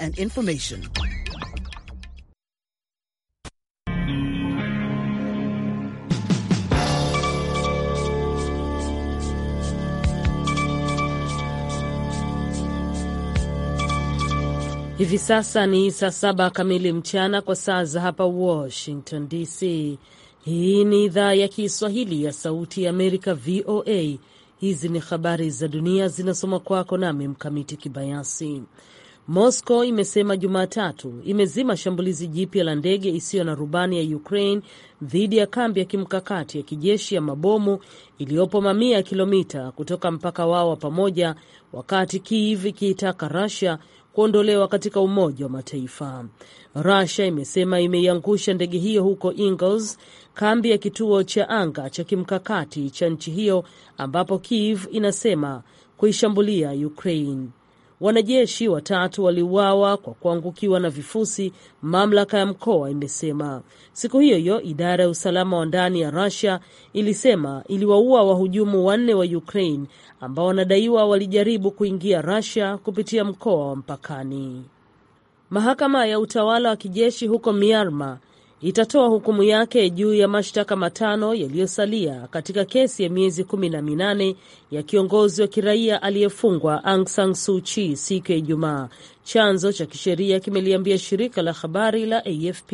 and information. Hivi sasa ni saa saba kamili mchana kwa saa za hapa Washington DC. Hii ni idhaa ya Kiswahili ya Sauti ya Amerika, VOA. Hizi ni habari za dunia zinasoma kwako nami Mkamiti Kibayasi. Moscow imesema Jumatatu imezima shambulizi jipya la ndege isiyo na rubani ya Ukraine dhidi ya kambi ya kimkakati ya kijeshi ya mabomu iliyopo mamia ya kilomita kutoka mpaka wao wa pamoja, wakati Kiev ikiitaka Russia kuondolewa katika Umoja wa Mataifa. Russia imesema imeiangusha ndege hiyo huko Ingles, kambi ya kituo cha anga cha kimkakati cha nchi hiyo, ambapo Kiev inasema kuishambulia Ukraine. Wanajeshi watatu waliuawa kwa kuangukiwa na vifusi, mamlaka ya mkoa imesema. Siku hiyo hiyo, idara ya usalama wa ndani ya Russia ilisema iliwaua wahujumu wanne wa Ukraine ambao wanadaiwa walijaribu kuingia Russia kupitia mkoa wa mpakani. Mahakama ya utawala wa kijeshi huko Myanmar itatoa hukumu yake juu ya mashtaka matano yaliyosalia katika kesi ya miezi kumi na minane ya kiongozi wa kiraia aliyefungwa Aung San Suu Kyi siku ya Ijumaa, chanzo cha kisheria kimeliambia shirika la habari la AFP.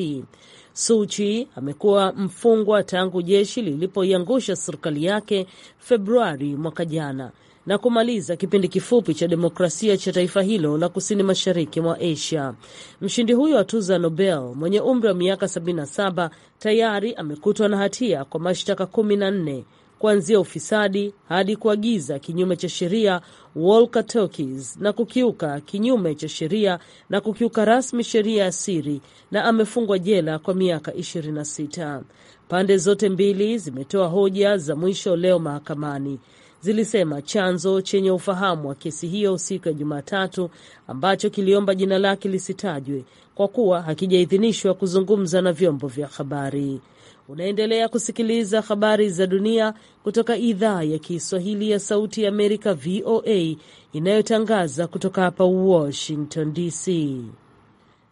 Suu Kyi amekuwa mfungwa tangu jeshi lilipoiangusha serikali yake Februari mwaka jana na kumaliza kipindi kifupi cha demokrasia cha taifa hilo la kusini mashariki mwa Asia. Mshindi huyo wa tuzo ya Nobel mwenye umri wa miaka 77 tayari amekutwa na hatia kwa mashtaka 14 kuanzia ufisadi hadi kuagiza kinyume cha sheria walkie-talkies na kukiuka kinyume cha sheria na kukiuka rasmi sheria ya siri, na amefungwa jela kwa miaka 26. Pande zote mbili zimetoa hoja za mwisho leo mahakamani zilisema chanzo chenye ufahamu wa kesi hiyo siku ya Jumatatu ambacho kiliomba jina lake lisitajwe kwa kuwa hakijaidhinishwa kuzungumza na vyombo vya habari. Unaendelea kusikiliza habari za dunia kutoka idhaa ya Kiswahili ya Sauti ya Amerika, VOA, inayotangaza kutoka hapa Washington DC.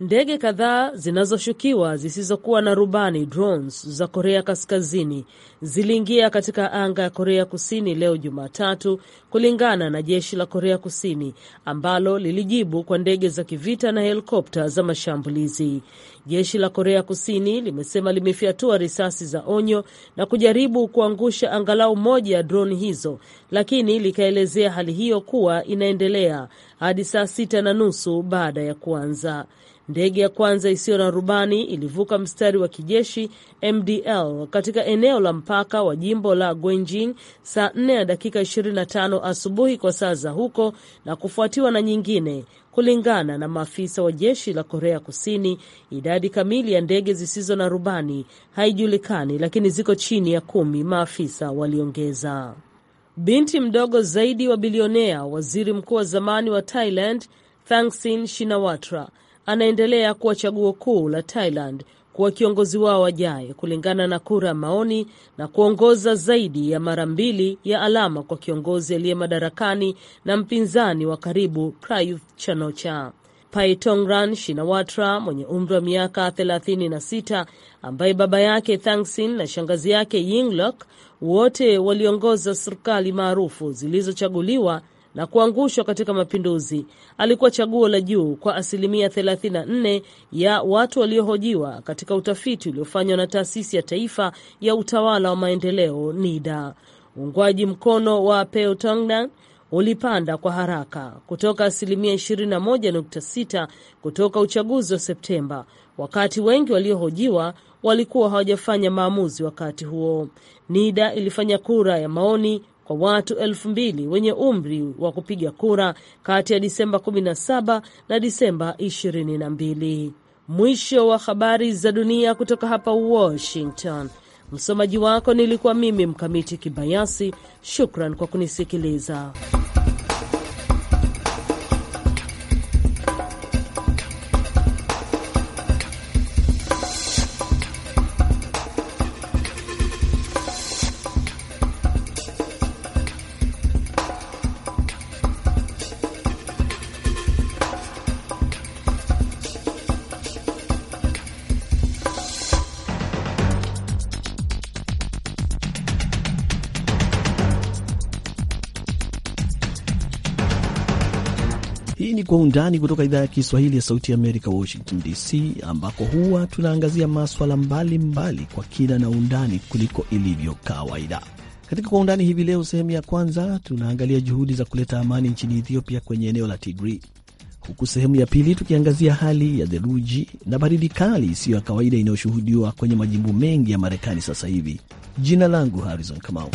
Ndege kadhaa zinazoshukiwa zisizokuwa na rubani drones za Korea Kaskazini ziliingia katika anga ya Korea Kusini leo Jumatatu, kulingana na jeshi la Korea Kusini ambalo lilijibu kwa ndege za kivita na helikopta za mashambulizi. Jeshi la Korea Kusini limesema limefyatua risasi za onyo na kujaribu kuangusha angalau moja ya droni hizo, lakini likaelezea hali hiyo kuwa inaendelea hadi saa sita na nusu baada ya kuanza Ndege ya kwanza isiyo na rubani ilivuka mstari wa kijeshi MDL katika eneo la mpaka wa jimbo la Gwenjing saa 4 ya dakika 25 asubuhi kwa saa za huko na kufuatiwa na nyingine Kulingana na maafisa wa jeshi la Korea Kusini, idadi kamili ya ndege zisizo na rubani haijulikani, lakini ziko chini ya kumi, maafisa waliongeza. Binti mdogo zaidi wa bilionea, waziri mkuu wa zamani wa Thailand, Thaksin Shinawatra anaendelea kuwa chaguo kuu la Thailand kuwa kiongozi wao wajaye kulingana na kura ya maoni na kuongoza zaidi ya mara mbili ya alama kwa kiongozi aliye madarakani na mpinzani wa karibu Prayuth Chanocha. Paitongran Shinawatra mwenye umri wa miaka 36 ambaye baba yake Thaksin na shangazi yake Yingluck wote waliongoza serikali maarufu zilizochaguliwa na kuangushwa katika mapinduzi alikuwa chaguo la juu kwa asilimia 34 ya watu waliohojiwa katika utafiti uliofanywa na taasisi ya taifa ya utawala wa maendeleo NIDA. Uungwaji mkono wa Peotongdan ulipanda kwa haraka kutoka asilimia 21.6 kutoka uchaguzi wa Septemba, wakati wengi waliohojiwa walikuwa hawajafanya maamuzi wakati huo. NIDA ilifanya kura ya maoni kwa watu elfu mbili wenye umri wa kupiga kura kati ya Disemba 17 na Disemba 22. Mwisho wa habari za dunia kutoka hapa Washington. Msomaji wako nilikuwa mimi Mkamiti Kibayasi. Shukran kwa kunisikiliza. Kwa Undani kutoka idhaa ya Kiswahili ya Sauti ya Amerika, Washington DC, ambako huwa tunaangazia maswala mbalimbali kwa kina na undani kuliko ilivyo kawaida. Katika Kwa Undani hivi leo, sehemu ya kwanza, tunaangalia juhudi za kuleta amani nchini Ethiopia kwenye eneo la Tigri, huku sehemu ya pili tukiangazia hali ya theluji na baridi kali isiyo ya kawaida inayoshuhudiwa kwenye majimbo mengi ya Marekani sasa hivi. Jina langu Harrison Kamau.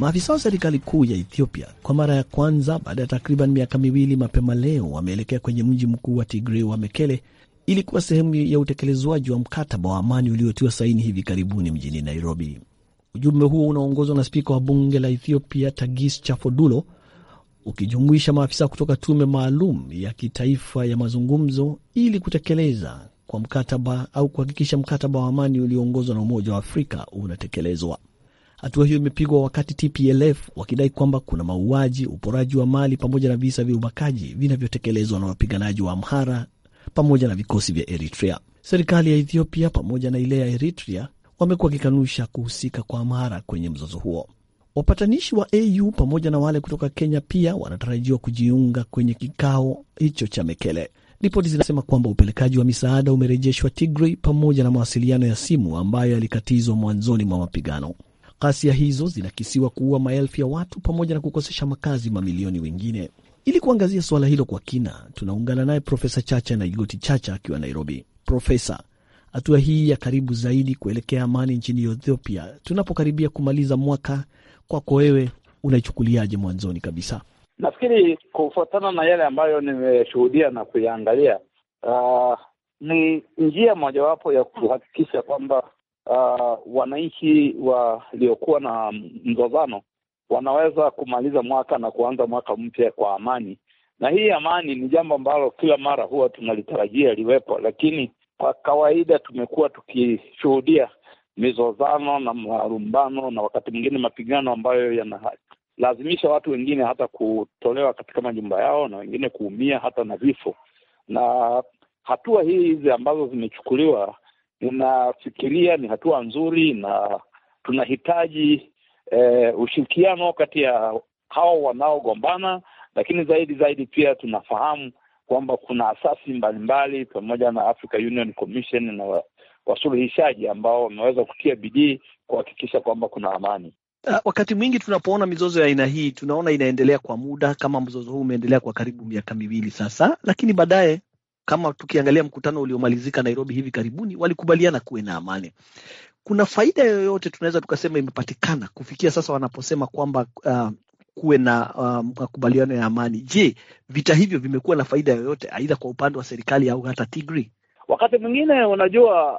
Maafisa wa serikali kuu ya Ethiopia kwa mara ya kwanza baada ya takriban miaka miwili, mapema leo wameelekea kwenye mji mkuu wa Tigrei wa Mekele ili kuwa sehemu ya utekelezwaji wa mkataba wa amani uliotiwa saini hivi karibuni mjini Nairobi. Ujumbe huo unaoongozwa na spika wa bunge la Ethiopia Tagis Chafodulo ukijumuisha maafisa kutoka tume maalum ya kitaifa ya mazungumzo ili kutekeleza kwa mkataba au kuhakikisha mkataba wa amani ulioongozwa na Umoja wa Afrika unatekelezwa. Hatua hiyo imepigwa wakati TPLF wakidai kwamba kuna mauaji, uporaji wa mali pamoja na visa vya ubakaji vinavyotekelezwa na wapiganaji wa Amhara pamoja na vikosi vya Eritrea. Serikali ya Ethiopia pamoja na ile ya Eritrea wamekuwa wakikanusha kuhusika kwa Amhara kwenye mzozo huo. Wapatanishi wa AU pamoja na wale kutoka Kenya pia wanatarajiwa kujiunga kwenye kikao hicho cha Mekele. Ripoti zinasema kwamba upelekaji wa misaada umerejeshwa Tigray pamoja na mawasiliano ya simu ambayo yalikatizwa mwanzoni mwa mapigano. Ghasia hizo zinakisiwa kuua maelfu ya watu pamoja na kukosesha makazi mamilioni wengine. Ili kuangazia suala hilo kwa kina, tunaungana naye Profesa Chacha na Igoti Chacha akiwa Nairobi. Profesa, hatua hii ya karibu zaidi kuelekea amani nchini Ethiopia, tunapokaribia kumaliza mwaka, kwako wewe unaichukuliaje? Mwanzoni kabisa, nafikiri kufuatana na yale ambayo nimeshuhudia na kuyaangalia, uh, ni njia mojawapo ya kuhakikisha kwamba uh, wananchi waliokuwa na mzozano wanaweza kumaliza mwaka na kuanza mwaka mpya kwa amani. Na hii amani ni jambo ambalo kila mara huwa tunalitarajia liwepo, lakini kwa kawaida tumekuwa tukishuhudia mizozano na marumbano na wakati mwingine mapigano ambayo yanalazimisha watu wengine hata kutolewa katika majumba yao na wengine kuumia hata na vifo. Na hatua hii hizi ambazo zimechukuliwa ninafikiria ni hatua nzuri na tunahitaji eh, ushirikiano kati ya hao wanaogombana, lakini zaidi zaidi pia tunafahamu kwamba kuna asasi mbalimbali pamoja na Africa Union Commission na wasuluhishaji ambao wameweza kutia bidii kuhakikisha kwamba kuna amani. Ah, wakati mwingi tunapoona mizozo ya aina hii tunaona inaendelea kwa muda, kama mzozo huu umeendelea kwa karibu miaka miwili sasa, lakini baadaye kama tukiangalia mkutano uliomalizika Nairobi hivi karibuni, walikubaliana kuwe na amani. Kuna faida yoyote tunaweza tukasema imepatikana kufikia sasa wanaposema kwamba uh, kuwe na um, makubaliano um, ya amani? Je, vita hivyo vimekuwa na faida yoyote aidha kwa upande wa serikali au hata Tigray? Wakati mwingine unajua,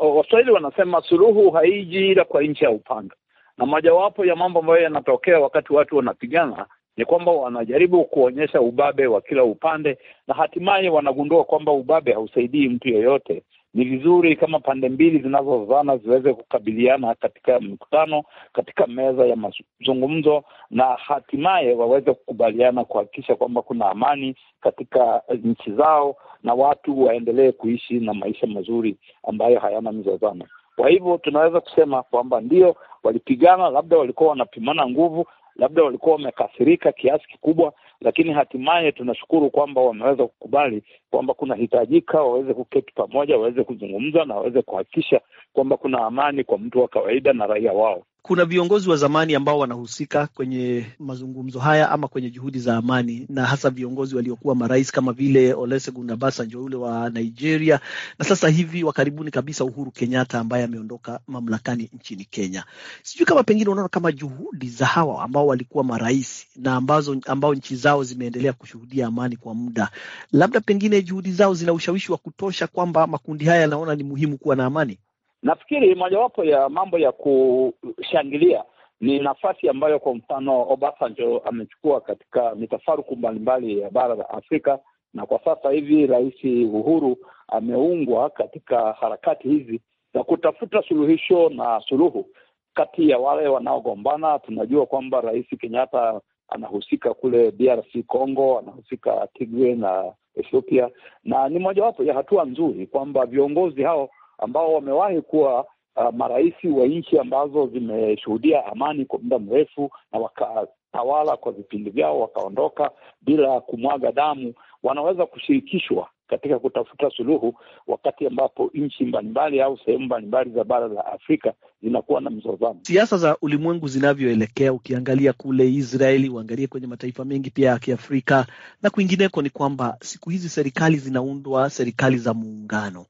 uh, Waswahili wanasema suluhu haiji ila kwa nchi ya upanga, na mojawapo ya mambo ambayo yanatokea wakati watu wanapigana ni kwamba wanajaribu kuonyesha ubabe wa kila upande, na hatimaye wanagundua kwamba ubabe hausaidii mtu yeyote. Ni vizuri kama pande mbili zinazozana ziweze kukabiliana katika mkutano katika meza ya mazungumzo, na hatimaye waweze kukubaliana kuhakikisha kwamba kuna amani katika nchi zao na watu waendelee kuishi na maisha mazuri ambayo hayana mizozano. Kwa hivyo tunaweza kusema kwamba ndio walipigana, labda walikuwa wanapimana nguvu, labda walikuwa wamekasirika kiasi kikubwa, lakini hatimaye tunashukuru kwamba wameweza kukubali kwamba kunahitajika waweze kuketi pamoja, waweze kuzungumza na waweze kuhakikisha kwamba kuna amani kwa mtu wa kawaida na raia wao kuna viongozi wa zamani ambao wanahusika kwenye mazungumzo haya ama kwenye juhudi za amani, na hasa viongozi waliokuwa marais kama vile Olusegun Obasanjo ule wa Nigeria, na sasa hivi wa karibuni kabisa Uhuru Kenyatta ambaye ameondoka mamlakani nchini Kenya. Sijui kama pengine unaona kama juhudi za hawa ambao walikuwa marais na ambazo, ambao nchi zao zimeendelea kushuhudia amani kwa muda, labda pengine juhudi zao zina ushawishi wa kutosha kwamba makundi haya yanaona ni muhimu kuwa na amani. Nafikiri mojawapo ya mambo ya kushangilia ni nafasi ambayo kwa mfano Obasanjo amechukua katika mitafaruku mbalimbali ya bara la Afrika, na kwa sasa hivi Rais Uhuru ameungwa katika harakati hizi za kutafuta suluhisho na suluhu kati ya wale wanaogombana. Tunajua kwamba Rais Kenyatta anahusika kule DRC Congo, anahusika Tigray na Ethiopia, na ni mojawapo ya hatua nzuri kwamba viongozi hao ambao wamewahi kuwa uh, marais wa nchi ambazo zimeshuhudia amani kwa muda mrefu na wakatawala kwa vipindi vyao wakaondoka bila kumwaga damu, wanaweza kushirikishwa katika kutafuta suluhu wakati ambapo nchi mbalimbali au sehemu mbalimbali za bara la Afrika zinakuwa na mzozano. Siasa za ulimwengu zinavyoelekea, ukiangalia kule Israeli, uangalie kwenye mataifa mengi pia ya Kiafrika na kwingineko, ni kwamba siku hizi serikali zinaundwa, serikali za muungano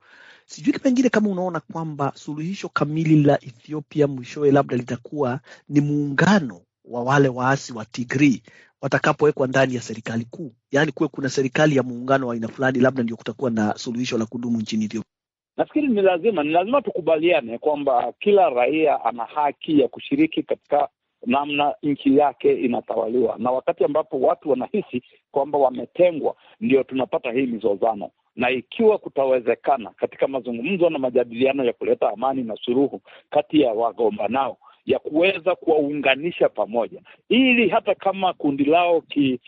Sijui pengine kama unaona kwamba suluhisho kamili la Ethiopia mwishowe labda litakuwa ni muungano wa wale waasi wa Tigri watakapowekwa ndani ya serikali kuu, yaani kuwe kuna serikali ya muungano wa aina fulani, labda ndio kutakuwa na suluhisho la kudumu nchini Ethiopia. Nafikiri ni lazima ni lazima tukubaliane kwamba kila raia ana haki ya kushiriki katika namna nchi yake inatawaliwa, na wakati ambapo watu wanahisi kwamba wametengwa, ndio tunapata hii mizozano na ikiwa kutawezekana, katika mazungumzo na majadiliano ya kuleta amani na suluhu kati ya wagombanao ya kuweza kuwaunganisha pamoja, ili hata kama kundi lao ki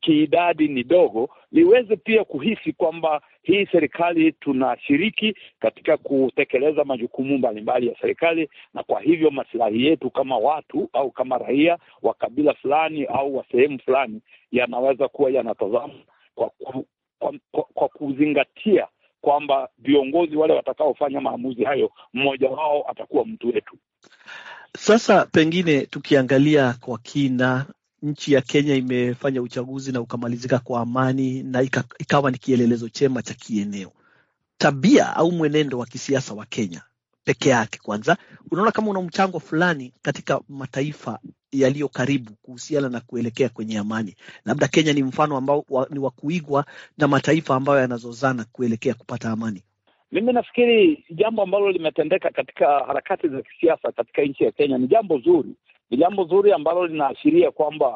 kiidadi ni dogo liweze pia kuhisi kwamba hii serikali tunashiriki katika kutekeleza majukumu mbalimbali ya serikali, na kwa hivyo masilahi yetu kama watu au kama raia wa kabila fulani au wa sehemu fulani yanaweza kuwa yanatazama kwa kwa, kwa, kwa kuzingatia kwamba viongozi wale watakaofanya maamuzi hayo mmoja wao atakuwa mtu wetu. Sasa pengine tukiangalia kwa kina, nchi ya Kenya imefanya uchaguzi na ukamalizika kwa amani na ikawa ni kielelezo chema cha kieneo. Tabia au mwenendo wa kisiasa wa Kenya peke yake, kwanza, unaona kama una mchango fulani katika mataifa yaliyo karibu kuhusiana na kuelekea kwenye amani. Labda Kenya ni mfano ambao wa, ni wa kuigwa na mataifa ambayo yanazozana kuelekea kupata amani. Mimi nafikiri jambo ambalo limetendeka katika harakati za kisiasa katika nchi ya Kenya ni jambo zuri, ni jambo zuri ambalo linaashiria kwamba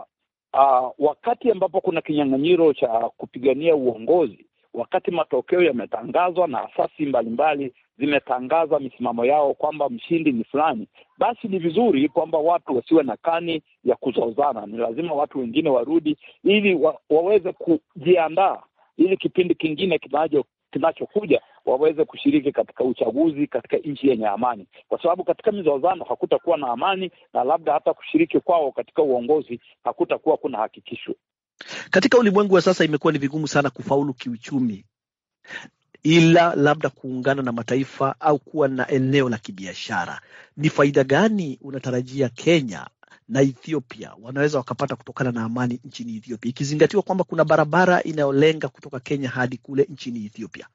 uh, wakati ambapo kuna kinyang'anyiro cha kupigania uongozi, wakati matokeo yametangazwa na asasi mbalimbali zimetangaza misimamo yao kwamba mshindi ni fulani, basi ni vizuri kwamba watu wasiwe na kani ya kuzozana. Ni lazima watu wengine warudi ili wa, waweze kujiandaa ili kipindi kingine kinacho kinachokuja waweze kushiriki katika uchaguzi katika nchi yenye amani, kwa sababu katika mizozano hakutakuwa na amani, na labda hata kushiriki kwao katika uongozi hakutakuwa kuna hakikisho. Katika ulimwengu wa sasa, imekuwa ni vigumu sana kufaulu kiuchumi ila labda kuungana na mataifa au kuwa na eneo la kibiashara. Ni faida gani unatarajia Kenya na Ethiopia wanaweza wakapata kutokana na amani nchini Ethiopia, ikizingatiwa kwamba kuna barabara inayolenga kutoka Kenya hadi kule nchini Ethiopia?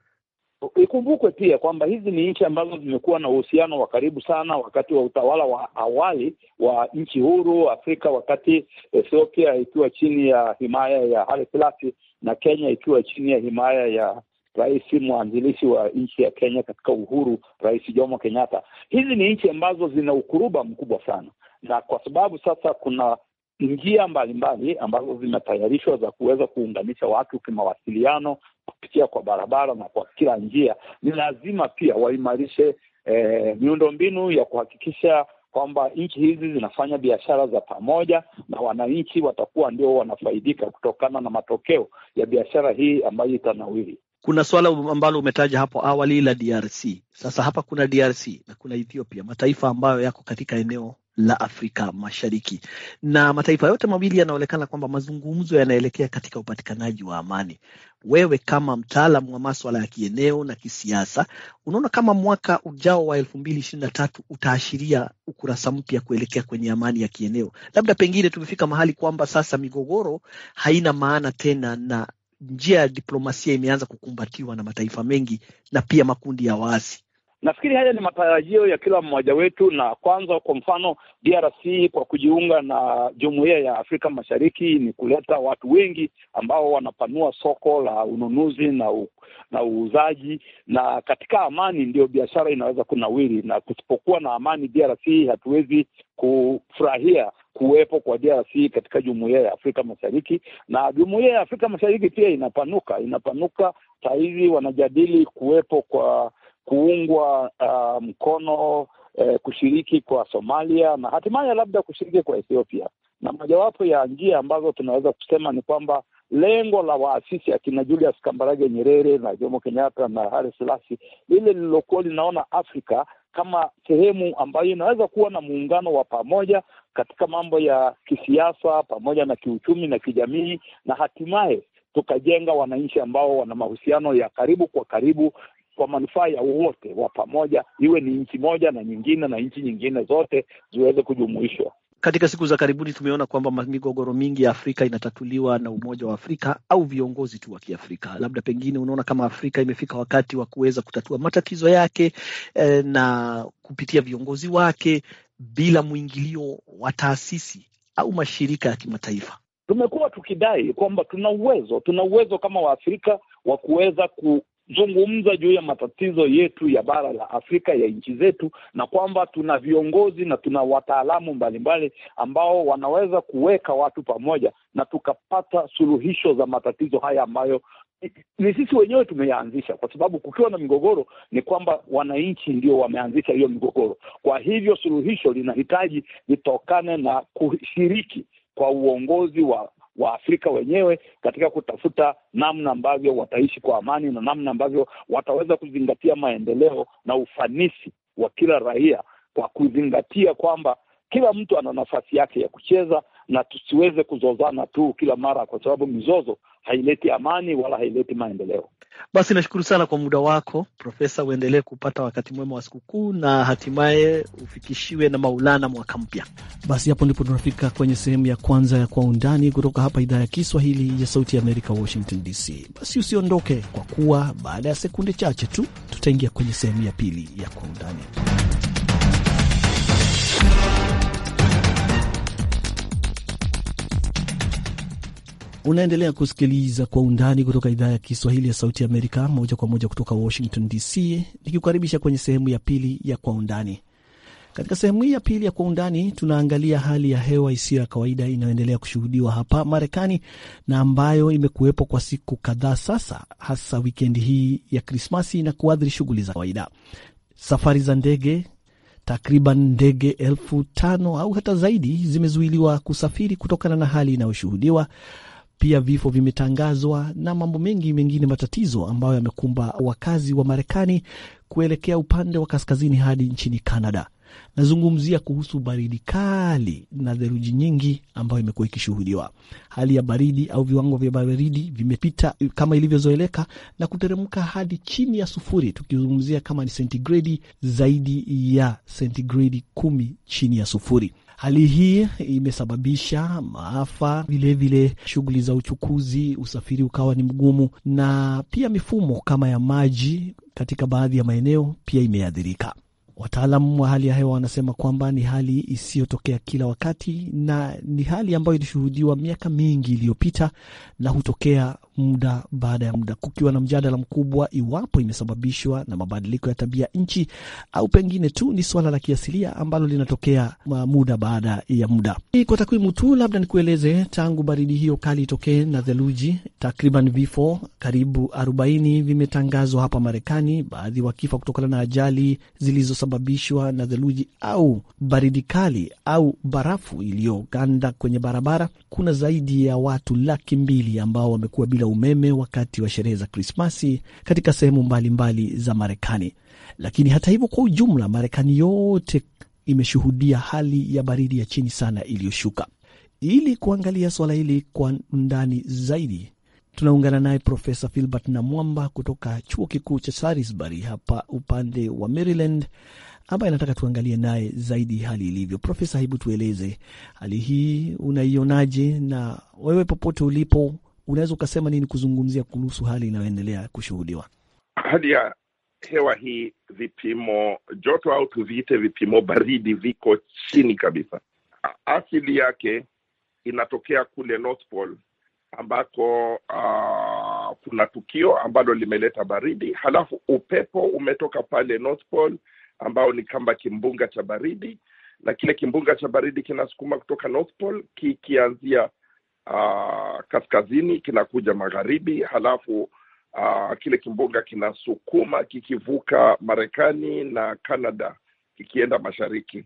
Ikumbukwe pia kwamba hizi ni nchi ambazo zimekuwa na uhusiano wa karibu sana wakati wa utawala wa awali wa nchi huru Afrika, wakati Ethiopia ikiwa chini ya himaya ya Haile Selassie na Kenya ikiwa chini ya himaya ya rais mwanzilishi wa nchi ya Kenya katika uhuru, Rais Jomo Kenyatta. Hizi ni nchi ambazo zina ukuruba mkubwa sana, na kwa sababu sasa kuna njia mbalimbali ambazo zimetayarishwa za kuweza kuunganisha watu kimawasiliano kupitia kwa barabara na kwa kila njia, ni lazima pia waimarishe eh, miundombinu ya kuhakikisha kwamba nchi hizi zinafanya biashara za pamoja na wananchi watakuwa ndio wanafaidika kutokana na matokeo ya biashara hii ambayo itanawiri. Kuna swala ambalo umetaja hapo awali la DRC. Sasa hapa kuna DRC na kuna Ethiopia, mataifa ambayo yako katika eneo la Afrika Mashariki, na mataifa yote mawili yanaonekana kwamba mazungumzo yanaelekea katika upatikanaji wa amani. Wewe kama mtaalam wa maswala ya kieneo na kisiasa, unaona kama mwaka ujao wa elfu mbili ishirini na tatu utaashiria ukurasa mpya kuelekea kwenye amani ya kieneo? Labda pengine tumefika mahali kwamba sasa migogoro haina maana tena na njia ya diplomasia imeanza kukumbatiwa na mataifa mengi na pia makundi ya waasi. Nafikiri haya ni matarajio ya kila mmoja wetu, na kwanza, kwa mfano, DRC kwa kujiunga na jumuiya ya Afrika Mashariki ni kuleta watu wengi ambao wanapanua soko la ununuzi na u, na uuzaji, na katika amani ndio biashara inaweza kunawiri, na kusipokuwa na amani DRC hatuwezi kufurahia kuwepo kwa DRC katika jumuiya ya Afrika Mashariki. Na jumuiya ya Afrika Mashariki pia inapanuka, inapanuka. Saa hizi wanajadili kuwepo kwa kuungwa uh, mkono eh, kushiriki kwa Somalia na hatimaye labda kushiriki kwa Ethiopia. Na mojawapo ya njia ambazo tunaweza kusema ni kwamba lengo la waasisi akina Julius Kambarage Nyerere na Jomo Kenyatta na Haile Selassie lile lililokuwa linaona Afrika kama sehemu ambayo inaweza kuwa na muungano wa pamoja katika mambo ya kisiasa pamoja na kiuchumi na kijamii, na hatimaye tukajenga wananchi ambao wana mahusiano ya karibu kwa karibu kwa manufaa ya wote wa pamoja, iwe ni nchi moja na nyingine na nchi nyingine zote ziweze kujumuishwa. Katika siku za karibuni tumeona kwamba migogoro mingi ya Afrika inatatuliwa na Umoja wa Afrika au viongozi tu wa Kiafrika. Labda pengine unaona kama Afrika imefika wakati wa kuweza kutatua matatizo yake eh, na kupitia viongozi wake bila mwingilio wa taasisi au mashirika ya kimataifa. Tumekuwa tukidai kwamba tuna uwezo, tuna uwezo kama Waafrika wa kuweza ku, zungumza juu ya matatizo yetu ya bara la Afrika ya nchi zetu, na kwamba tuna viongozi na tuna wataalamu mbalimbali ambao wanaweza kuweka watu pamoja na tukapata suluhisho za matatizo haya ambayo ni sisi wenyewe tumeyaanzisha, kwa sababu kukiwa na migogoro ni kwamba wananchi ndio wameanzisha hiyo migogoro. Kwa hivyo suluhisho linahitaji litokane na kushiriki kwa uongozi wa Waafrika wenyewe katika kutafuta namna ambavyo wataishi kwa amani na namna ambavyo wataweza kuzingatia maendeleo na ufanisi wa kila raia kwa kuzingatia kwamba kila mtu ana nafasi yake ya kucheza na tusiweze kuzozana tu kila mara, kwa sababu mizozo haileti amani wala haileti maendeleo. Basi nashukuru sana kwa muda wako Profesa, uendelee kupata wakati mwema wa sikukuu na hatimaye ufikishiwe na Maulana mwaka mpya. Basi hapo ndipo tunafika kwenye sehemu ya kwanza ya Kwa Undani kutoka hapa idhaa ya Kiswahili ya Sauti ya Amerika, Washington DC. Basi usiondoke, kwa kuwa baada ya sekunde chache tu tutaingia kwenye sehemu ya pili ya Kwa Undani. Unaendelea kusikiliza Kwa Undani kutoka idhaa ya Kiswahili ya Sauti Amerika, moja kwa moja kutoka Washington DC, nikikukaribisha kwenye sehemu ya pili ya Kwa Undani. Katika sehemu hii ya pili ya Kwa Undani tunaangalia hali ya hewa isiyo ya kawaida inayoendelea kushuhudiwa hapa Marekani na ambayo imekuwepo kwa siku kadhaa sasa, hasa wikendi hii ya Krismasi na kuathiri shughuli za kawaida, safari za ndege Takriban ndege elfu tano au hata zaidi zimezuiliwa kusafiri kutokana na hali inayoshuhudiwa, pia vifo vimetangazwa na mambo mengi mengine matatizo ambayo yamekumba wakazi wa Marekani kuelekea upande wa kaskazini hadi nchini Canada. Nazungumzia kuhusu baridi kali na theluji nyingi ambayo imekuwa ikishuhudiwa. Hali ya baridi au viwango vya baridi vimepita kama ilivyozoeleka na kuteremka hadi chini ya sufuri, tukizungumzia kama ni sentigredi zaidi ya sentigredi kumi chini ya sufuri. Hali hii imesababisha maafa, vilevile shughuli za uchukuzi, usafiri ukawa ni mgumu, na pia mifumo kama ya maji katika baadhi ya maeneo pia imeathirika. Wataalamu wa hali ya hewa wanasema kwamba ni hali isiyotokea kila wakati na ni hali ambayo ilishuhudiwa miaka mingi iliyopita na hutokea muda baada ya muda, kukiwa na mjadala mkubwa iwapo imesababishwa na mabadiliko ya tabia nchi au pengine tu ni suala la kiasilia ambalo linatokea muda baada ya muda. Kwa takwimu tu, labda nikueleze, tangu baridi hiyo kali itokee na theluji, takriban vifo karibu 40 vimetangazwa hapa Marekani, baadhi wakifa kutokana na ajali zilizosababishwa na theluji au baridi kali au barafu iliyoganda kwenye barabara. Kuna zaidi ya watu laki mbili ambao wamekuwa bila umeme wakati wa sherehe za Krismasi katika sehemu mbalimbali za Marekani. Lakini hata hivyo, kwa ujumla, Marekani yote imeshuhudia hali ya baridi ya chini sana iliyoshuka. Ili kuangalia swala hili kwa undani zaidi, tunaungana naye Profesa Filbert Namwamba kutoka chuo kikuu cha Salisbury hapa upande wa Maryland, ambaye anataka tuangalie naye zaidi hali ilivyo. Profesa, hebu tueleze hali hii unaionaje, na wewe popote ulipo unaweza ukasema nini kuzungumzia kuhusu hali inayoendelea kushuhudiwa? Hali ya hewa hii, vipimo joto au tuviite vipimo baridi viko chini kabisa. Asili yake inatokea kule North Pole ambako uh, kuna tukio ambalo limeleta baridi, halafu upepo umetoka pale North Pole ambao ni kama kimbunga cha baridi, na kile kimbunga cha baridi kinasukuma kutoka North Pole kikianzia uh, kaskazini kinakuja magharibi, halafu uh, kile kimbunga kinasukuma kikivuka Marekani na Canada kikienda mashariki.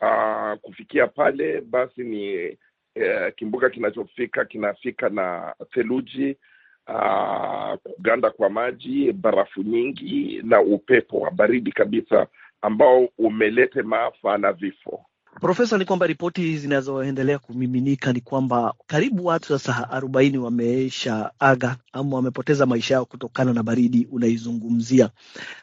Uh, kufikia pale basi ni uh, kimbunga kinachofika kinafika na theluji uh, kuganda kwa maji, barafu nyingi na upepo wa baridi kabisa ambao umelete maafa na vifo. Profesa, ni kwamba ripoti zinazoendelea kumiminika ni kwamba karibu watu sasa arobaini wameisha aga ama wamepoteza maisha yao kutokana na baridi unaizungumzia.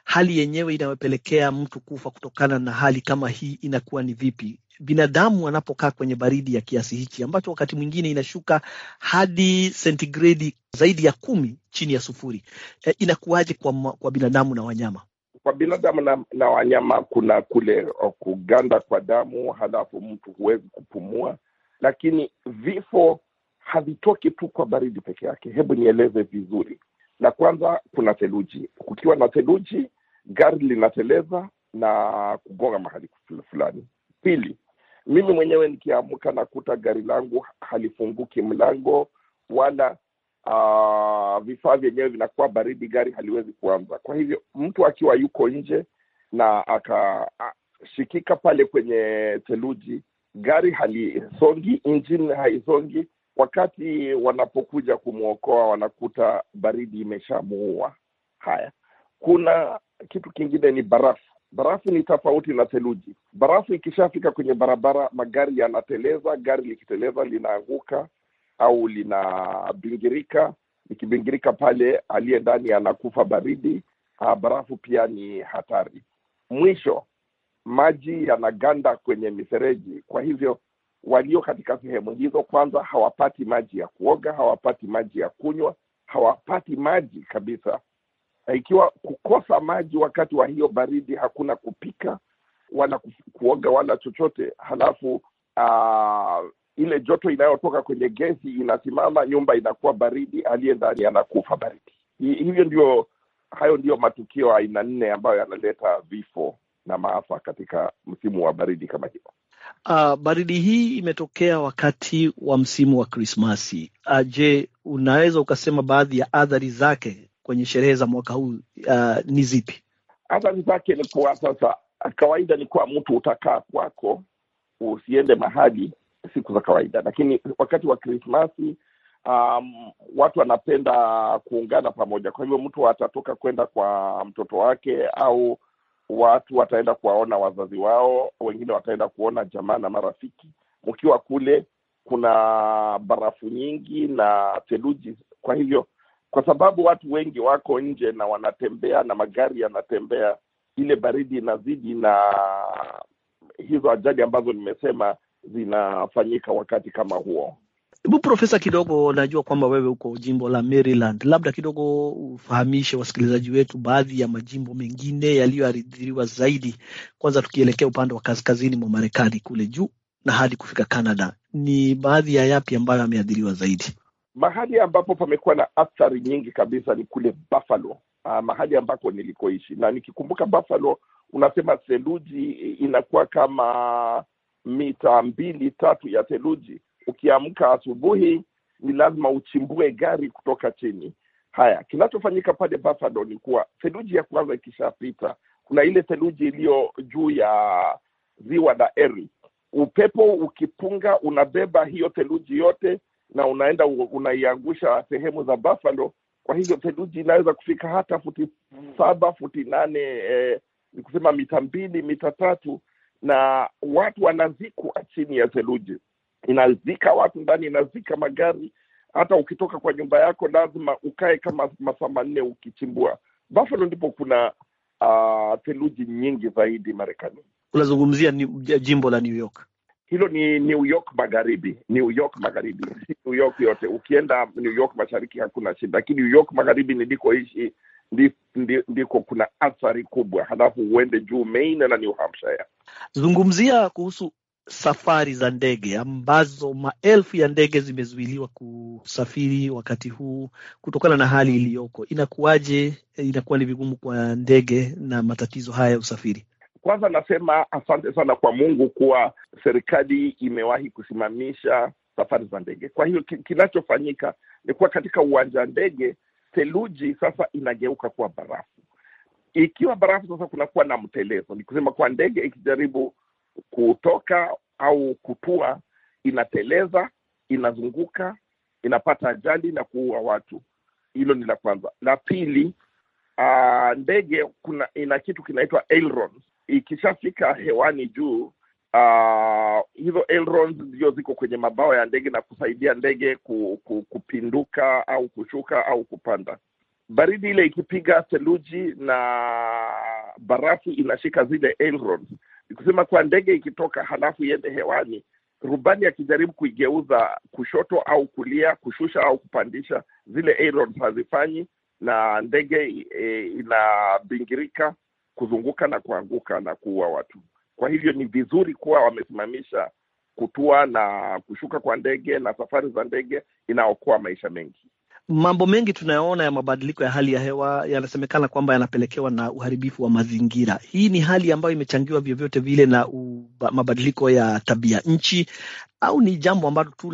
Hali yenyewe inayopelekea mtu kufa kutokana na hali kama hii inakuwa ni vipi? Binadamu wanapokaa kwenye baridi ya kiasi hichi ambacho wakati mwingine inashuka hadi sentigredi zaidi ya kumi chini ya sufuri, e, inakuwaje kwa, kwa binadamu na wanyama? kwa binadamu na, na wanyama kuna kule uh, kuganda kwa damu, halafu mtu huwezi kupumua, lakini vifo havitoki tu kwa baridi peke yake. Hebu nieleze vizuri. La kwanza, kuna theluji. Kukiwa na theluji, gari linateleza na kugonga mahali fulani. Pili, mimi mwenyewe nikiamka nakuta gari langu halifunguki mlango wala uh, vifaa vyenyewe vinakuwa baridi, gari haliwezi kuanza. Kwa hivyo mtu akiwa yuko nje na akashikika pale kwenye theluji, gari halisongi, injini haisongi. Wakati wanapokuja kumwokoa wanakuta baridi imeshamuua. Haya, kuna kitu kingine ni barafu. Barafu ni tofauti na theluji. Barafu ikishafika kwenye barabara, magari yanateleza, gari likiteleza linaanguka, au linabingirika. Ikibingirika pale, aliye ndani anakufa baridi. Ah, barafu pia ni hatari. Mwisho, maji yanaganda kwenye mifereji, kwa hivyo walio katika sehemu hizo kwanza hawapati maji ya kuoga, hawapati maji ya kunywa, hawapati maji kabisa. Ah, ikiwa kukosa maji wakati wa hiyo baridi, hakuna kupika wala kuoga wala chochote. Halafu uh, ile joto inayotoka kwenye gesi inasimama, nyumba inakuwa baridi, aliye ndani anakufa baridi. Hivyo ndio, hayo ndiyo matukio aina nne ambayo yanaleta vifo na maafa katika msimu wa baridi kama hiyo. Uh, baridi hii imetokea wakati wa msimu wa Krismasi. Uh, je, unaweza ukasema baadhi ya athari zake kwenye sherehe za mwaka huu uh, ni zipi? Athari zake ni kuwa sasa, kawaida ni kuwa mtu utakaa kwako, usiende mahali siku za kawaida, lakini wakati wa Krismasi um, watu wanapenda kuungana pamoja. Kwa hivyo mtu atatoka kwenda kwa mtoto wake au watu wataenda kuwaona wazazi wao, wengine wataenda kuona jamaa na marafiki. Mkiwa kule kuna barafu nyingi na theluji, kwa hivyo kwa sababu watu wengi wako nje na wanatembea na magari yanatembea, ile baridi inazidi na hizo ajali ambazo nimesema zinafanyika wakati kama huo. Hebu Profesa, kidogo najua kwamba wewe uko jimbo la Maryland, labda kidogo ufahamishe wasikilizaji wetu baadhi ya majimbo mengine yaliyoathiriwa zaidi, kwanza tukielekea upande wa kaskazini mwa Marekani kule juu na hadi kufika Canada. Ni baadhi ya yapi ambayo yameathiriwa zaidi? Mahali ambapo pamekuwa na athari nyingi kabisa ni kule Buffalo, uh, mahali ambako nilikoishi, na nikikumbuka Buffalo, unasema theluji inakuwa kama mita mbili tatu ya theluji ukiamka asubuhi ni lazima uchimbue gari kutoka chini haya kinachofanyika pale bafado ni kuwa theluji ya kwanza ikishapita kuna ile theluji iliyo juu ya ziwa la eri upepo ukipunga unabeba hiyo theluji yote na unaenda unaiangusha sehemu za buffalo kwa hivyo theluji inaweza kufika hata futi saba futi nane eh, ni kusema mita mbili mita tatu na watu wanazikwa chini ya theluji, inazika watu ndani, inazika magari. Hata ukitoka kwa nyumba yako lazima ukae kama masaa manne ukichimbua. Buffalo ndipo kuna uh, theluji nyingi zaidi Marekani. Unazungumzia jimbo la New York? Hilo ni New York Magharibi, New York Magharibi, si New York yote. Ukienda New York Mashariki hakuna shida, lakini New York Magharibi nilikoishi ndiko kuna athari kubwa, halafu uende juu Maine na New Hampshire Zungumzia kuhusu safari za ndege ambazo maelfu ya ndege zimezuiliwa kusafiri wakati huu kutokana na hali iliyoko. Inakuwaje, inakuwa ni vigumu kwa ndege na matatizo haya ya usafiri? Kwanza nasema asante sana kwa Mungu kuwa serikali imewahi kusimamisha safari za ndege. Kwa hiyo kinachofanyika ni kuwa katika uwanja wa ndege theluji sasa inageuka kuwa barafu ikiwa barafu sasa, kunakuwa na mtelezo, ni kusema kuwa ndege ikijaribu kutoka au kutua, inateleza, inazunguka, inapata ajali na kuua watu. Hilo ni la kwanza. La pili, uh, ndege kuna ina kitu kinaitwa Ikishafika hewani juu Uh, hizo ndio ziko kwenye mabao ya ndege na kusaidia ndege ku, ku, kupinduka au kushuka au kupanda baridi ile ikipiga theluji na barafu inashika zile kusema kuwa ndege ikitoka halafu iende hewani, rubani akijaribu kuigeuza kushoto au kulia, kushusha au kupandisha, zile hazifanyi na ndege e, inabingirika kuzunguka na kuanguka na kuua watu. Kwa hivyo ni vizuri kuwa wamesimamisha kutua na kushuka kwa ndege na safari za ndege, inaokoa maisha mengi. Mambo mengi tunayoona ya mabadiliko ya hali ya hewa yanasemekana kwamba yanapelekewa na uharibifu wa mazingira. Hii ni hali ambayo imechangiwa vyovyote vile na uba, mabadiliko ya tabia nchi au ni jambo ambalo tu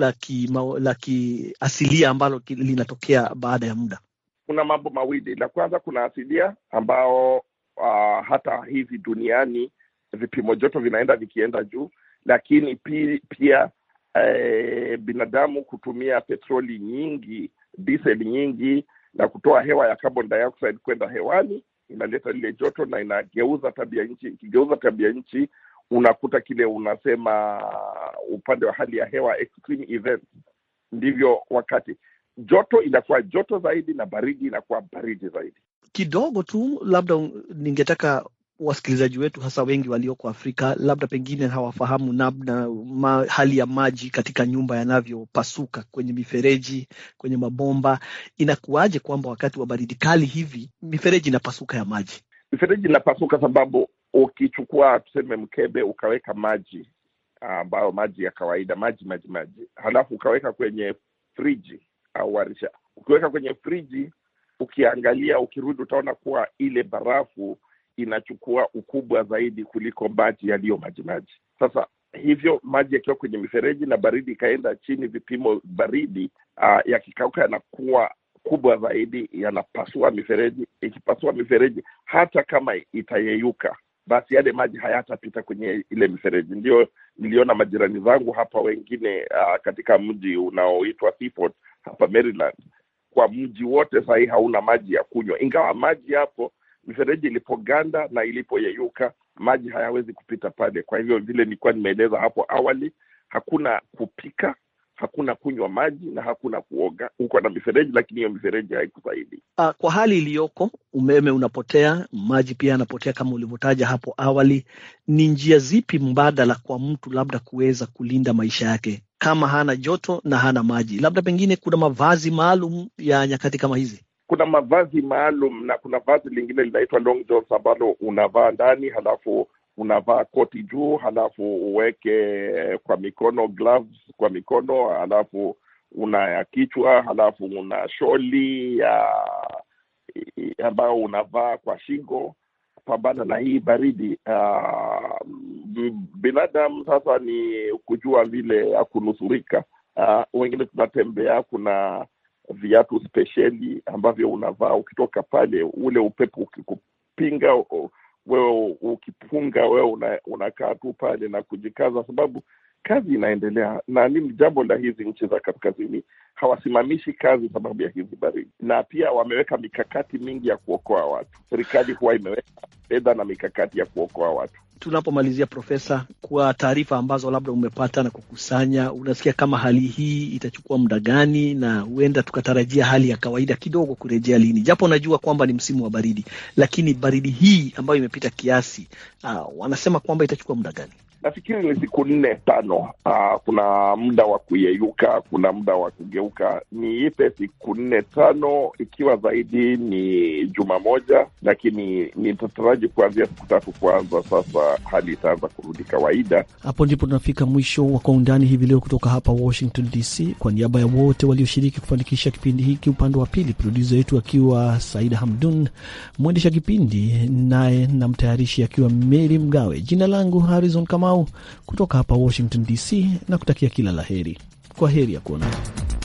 la kiasilia ambalo linatokea baada ya muda? Kuna mambo mawili. La kwanza, kuna asilia ambao uh, hata hivi duniani vipimo joto vinaenda vikienda juu, lakini pia eh, binadamu kutumia petroli nyingi diseli nyingi na kutoa hewa ya carbon dioxide kwenda hewani, inaleta lile joto na inageuza tabia nchi. Ikigeuza tabia nchi, unakuta kile unasema upande wa hali ya hewa extreme events Ndivyo wakati joto inakuwa joto zaidi na baridi inakuwa baridi zaidi. Kidogo tu labda ningetaka wasikilizaji wetu hasa wengi walioko Afrika labda pengine hawafahamu namna ma, hali ya maji katika nyumba yanavyopasuka kwenye mifereji, kwenye mabomba. Inakuwaje kwamba wakati wa baridi kali hivi mifereji inapasuka ya maji? Mifereji inapasuka sababu ukichukua tuseme mkebe ukaweka maji ambayo, maji ya kawaida, maji maji maji, halafu ukaweka kwenye friji au warisha, ukiweka kwenye friji, ukiangalia, ukirudi utaona kuwa ile barafu inachukua ukubwa zaidi kuliko maji yaliyo majimaji. Sasa hivyo maji yakiwa kwenye mifereji na baridi ikaenda chini, vipimo baridi ah, yakikauka yanakuwa kubwa zaidi, yanapasua mifereji. Ikipasua mifereji, hata kama itayeyuka, basi yale maji hayatapita kwenye ile mifereji. Ndio niliona majirani zangu hapa wengine, uh, katika mji unaoitwa hapa Maryland, kwa mji wote sahii hauna maji ya kunywa, ingawa maji yapo mifereji ilipoganda na ilipoyeyuka maji hayawezi kupita pale. Kwa hivyo vile nilikuwa nimeeleza hapo awali, hakuna kupika, hakuna kunywa maji na hakuna kuoga. huko na mifereji, lakini hiyo mifereji haikusaidi. zaidi ah, kwa hali iliyoko, umeme unapotea, maji pia yanapotea kama ulivyotaja hapo awali. Ni njia zipi mbadala kwa mtu labda kuweza kulinda maisha yake kama hana joto na hana maji? Labda pengine kuna mavazi maalum ya nyakati kama hizi? kuna mavazi maalum na kuna vazi lingine linaitwa long johns ambalo unavaa ndani halafu unavaa koti juu halafu uweke kwa mikono gloves kwa mikono halafu una ya kichwa halafu una sholi ya ambayo unavaa kwa shingo pambana na hii baridi uh, binadamu sasa ni kujua vile ya kunusurika uh, wengine tunatembea kuna viatu spesheli ambavyo unavaa ukitoka pale, ule upepo ukikupinga wewe ukipunga, wewe unakaa una tu pale na kujikaza, sababu kazi inaendelea, na ni jambo la hizi nchi za kaskazini, hawasimamishi kazi sababu ya hizi baridi, na pia wameweka mikakati mingi ya kuokoa watu. Serikali huwa imeweka fedha na mikakati ya kuokoa watu. Tunapomalizia Profesa, kwa taarifa ambazo labda umepata na kukusanya, unasikia kama hali hii itachukua muda gani, na huenda tukatarajia hali ya kawaida kidogo kurejea lini? Japo najua kwamba ni msimu wa baridi, lakini baridi hii ambayo imepita kiasi, uh, wanasema kwamba itachukua muda gani? nafikiri ni siku nne tano. Aa, ah, kuna muda wa kuyeyuka, kuna muda wa kugeuka. Niipe siku nne tano, ikiwa zaidi ni juma moja, lakini nitataraji kuanzia siku tatu kwanza. Sasa hali itaanza kurudi kawaida. Hapo ndipo tunafika mwisho wa Kwa Undani hivi leo, kutoka hapa Washington DC. Kwa niaba ya wote walioshiriki kufanikisha kipindi hiki, upande wa pili produsa yetu akiwa Saida Hamdun, mwendesha kipindi naye na mtayarishi akiwa Meri Mgawe, jina langu Harizon Kama. Kamau kutoka hapa Washington DC na kutakia kila la heri. Kwa heri ya kuonana.